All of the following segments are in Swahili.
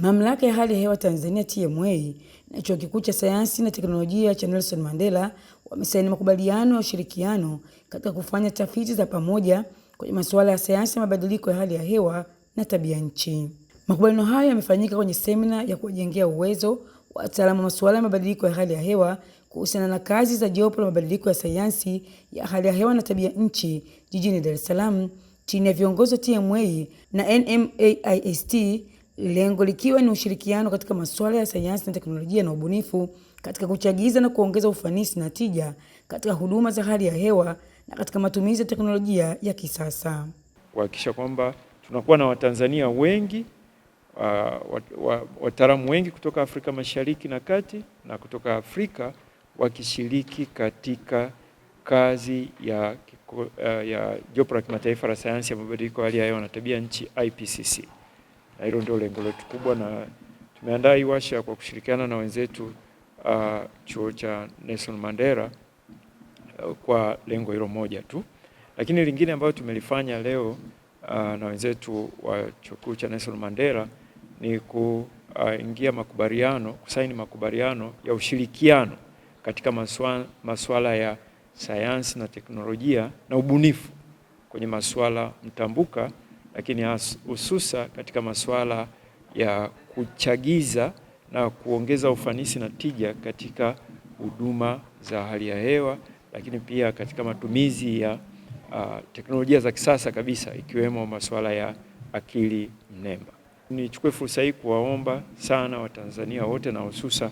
Mamlaka ya Hali ya Hewa Tanzania TMA na Chuo Kikuu cha Sayansi na Teknolojia cha Nelson Mandela wamesaini makubaliano ya ushirikiano katika kufanya tafiti za pamoja kwenye masuala ya sayansi ya mabadiliko ya hali ya hewa na tabia nchi. Makubaliano hayo yamefanyika kwenye semina ya kuwajengea uwezo wataalamu wa masuala ya mabadiliko ya hali ya hewa kuhusiana na kazi za jopo la mabadiliko ya sayansi ya hali ya hewa na tabia nchi jijini Dar es Salaam chini ya viongozi wa TMA na NMAIST lengo likiwa ni ushirikiano katika masuala ya sayansi na teknolojia na ubunifu katika kuchagiza na kuongeza ufanisi na tija katika huduma za hali ya hewa na katika matumizi ya teknolojia ya kisasa, kuhakikisha kwamba tunakuwa na Watanzania wengi uh, wa, wataalamu wengi kutoka Afrika Mashariki na Kati na kutoka Afrika wakishiriki katika kazi ya, uh, ya jopo la kimataifa la sayansi ya mabadiliko ya hali ya hewa na tabia nchi IPCC na hilo ndio lengo letu kubwa, na tumeandaa hii washa kwa kushirikiana na wenzetu uh, chuo cha Nelson Mandela uh, kwa lengo hilo moja tu. Lakini lingine ambayo tumelifanya leo uh, na wenzetu wa chuo kikuu cha Nelson Mandela ni kuingia uh, makubaliano, kusaini makubaliano ya ushirikiano katika maswala, maswala ya sayansi na teknolojia na ubunifu kwenye maswala mtambuka lakini hususa katika masuala ya kuchagiza na kuongeza ufanisi na tija katika huduma za hali ya hewa, lakini pia katika matumizi ya uh, teknolojia za kisasa kabisa ikiwemo masuala ya akili mnemba. Nichukue fursa hii kuwaomba sana Watanzania wote na hususa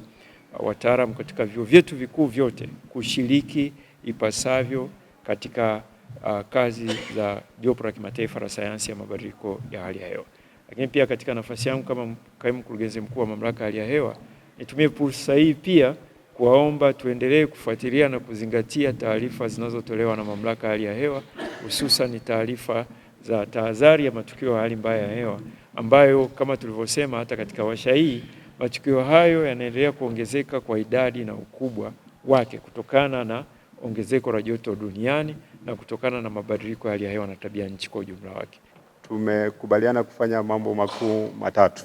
wataalamu katika vyuo vyetu vikuu vyote kushiriki ipasavyo katika uh, kazi za jopo la kimataifa la sayansi ya mabadiliko ya hali ya hewa. Lakini pia katika nafasi yangu kama kaimu mkurugenzi mkuu wa mamlaka ya hali ya hewa, nitumie fursa hii pia kuwaomba tuendelee kufuatilia na kuzingatia taarifa zinazotolewa na mamlaka ya hali ya hewa, hususan ni taarifa za tahadhari ya matukio ya hali mbaya ya hewa ambayo kama tulivyosema hata katika washa hii, matukio hayo yanaendelea kuongezeka kwa idadi na ukubwa wake kutokana na ongezeko la joto duniani na kutokana na mabadiliko ya hali ya hewa na tabia nchi kwa ujumla wake. Tumekubaliana kufanya mambo makuu matatu.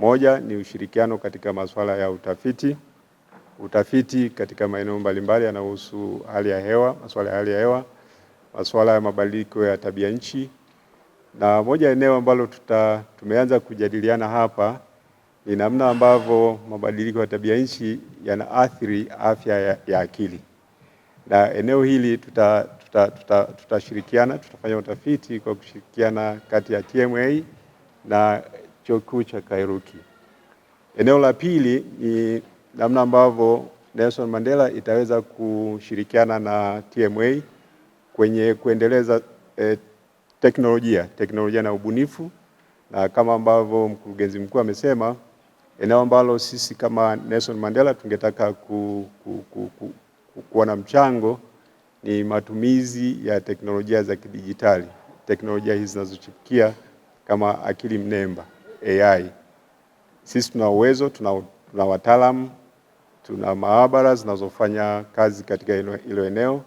Moja ni ushirikiano katika masuala ya utafiti, utafiti katika maeneo mbalimbali yanayohusu hali ya hewa, masuala ya hali ya hewa, masuala ya mabadiliko ya tabia nchi. Na moja eneo ambalo tuta tumeanza kujadiliana hapa ni namna ambavyo mabadiliko ya tabia nchi yanaathiri afya ya, ya akili na eneo hili tutashirikiana tuta, tuta, tuta tutafanya utafiti kwa kushirikiana kati ya TMA na chuo kikuu cha Kairuki. Eneo la pili ni namna ambavyo Nelson Mandela itaweza kushirikiana na TMA kwenye kuendeleza eh, teknolojia teknolojia na ubunifu, na kama ambavyo mkurugenzi mkuu amesema, eneo ambalo sisi kama Nelson Mandela tungetaka ku, ku, ku, ku kuwa na mchango ni matumizi ya teknolojia za kidijitali, teknolojia hizi zinazochipukia kama akili mnemba AI. Sisi tuna uwezo, tuna, tuna wataalamu, tuna maabara zinazofanya kazi katika hilo eneo.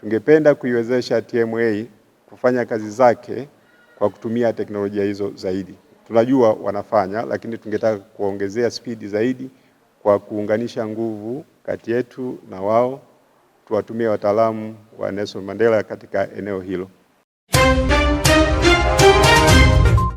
Tungependa kuiwezesha TMA kufanya kazi zake kwa kutumia teknolojia hizo zaidi. Tunajua wanafanya, lakini tungetaka kuongezea spidi zaidi kwa kuunganisha nguvu kati yetu na wao tuwatumie wataalamu wa Nelson Mandela katika eneo hilo.